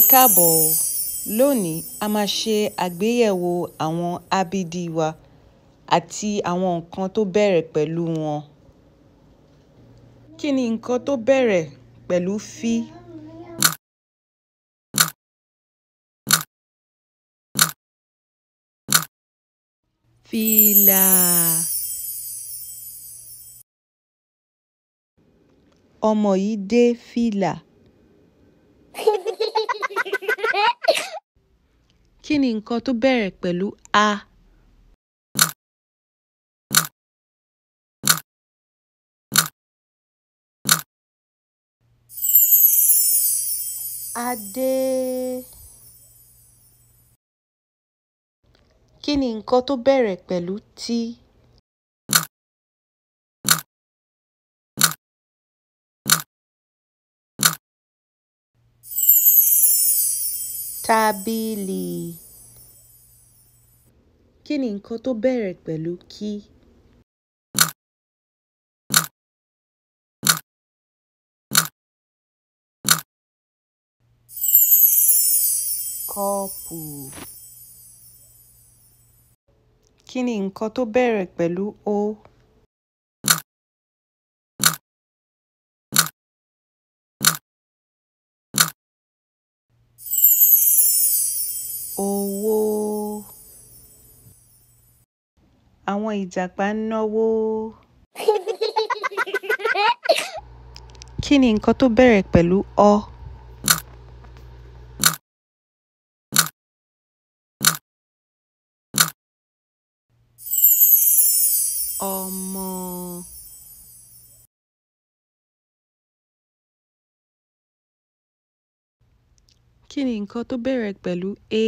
Ẹ káàbọ̀ o. Lónìí, a máa ṣe àgbéyẹ̀wò àwọn ábídí wa àti àwọn nǹkan tó bẹ̀rẹ̀ pẹ̀lú wọn. Kí ni nǹkan tó bẹ̀rẹ̀ pẹ̀lú fí? Fìlà. Ọmọ yìí dé fìlà. Kí ni nǹkan tó bẹ̀rẹ̀ pẹ̀lú "A"? Adé. Kí ni nǹkan tó bẹ̀rẹ̀ pẹ̀lú "T"? Tábìlì. Kí ni nǹkan tó bẹ̀rẹ̀ pẹ̀lú kí? Kọ́ọ̀pù. Kí ni nǹkan tó bẹ̀rẹ̀ pẹ̀lú O? owó àwọn ìjàpá ń náwó. kí ni nǹkan tó bẹ̀rẹ̀ pẹ̀lú ọ? ọmọ. kí ni nǹkan tó bẹ̀rẹ̀ pẹ̀lú a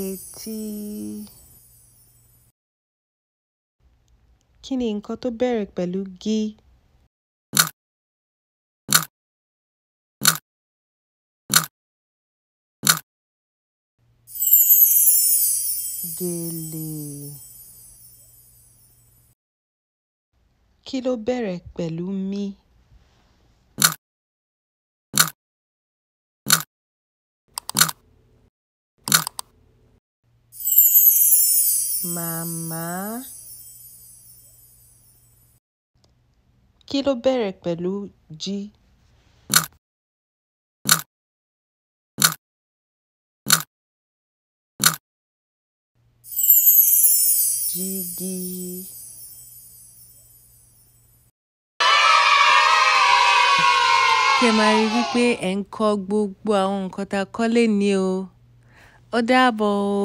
etí kí ni nǹkan tó bẹ̀rẹ̀ pẹ̀lú gi gèlè. kí ló bẹ̀rẹ̀ pẹ̀lú mi màmá kí ló bẹ̀rẹ̀ pẹ̀lú g jígí. kí ẹ máa rí wípé ẹ̀ ń kọ́ gbogbo àwọn nǹkan tá a kọ́ lé o ó dàbọ̀ o.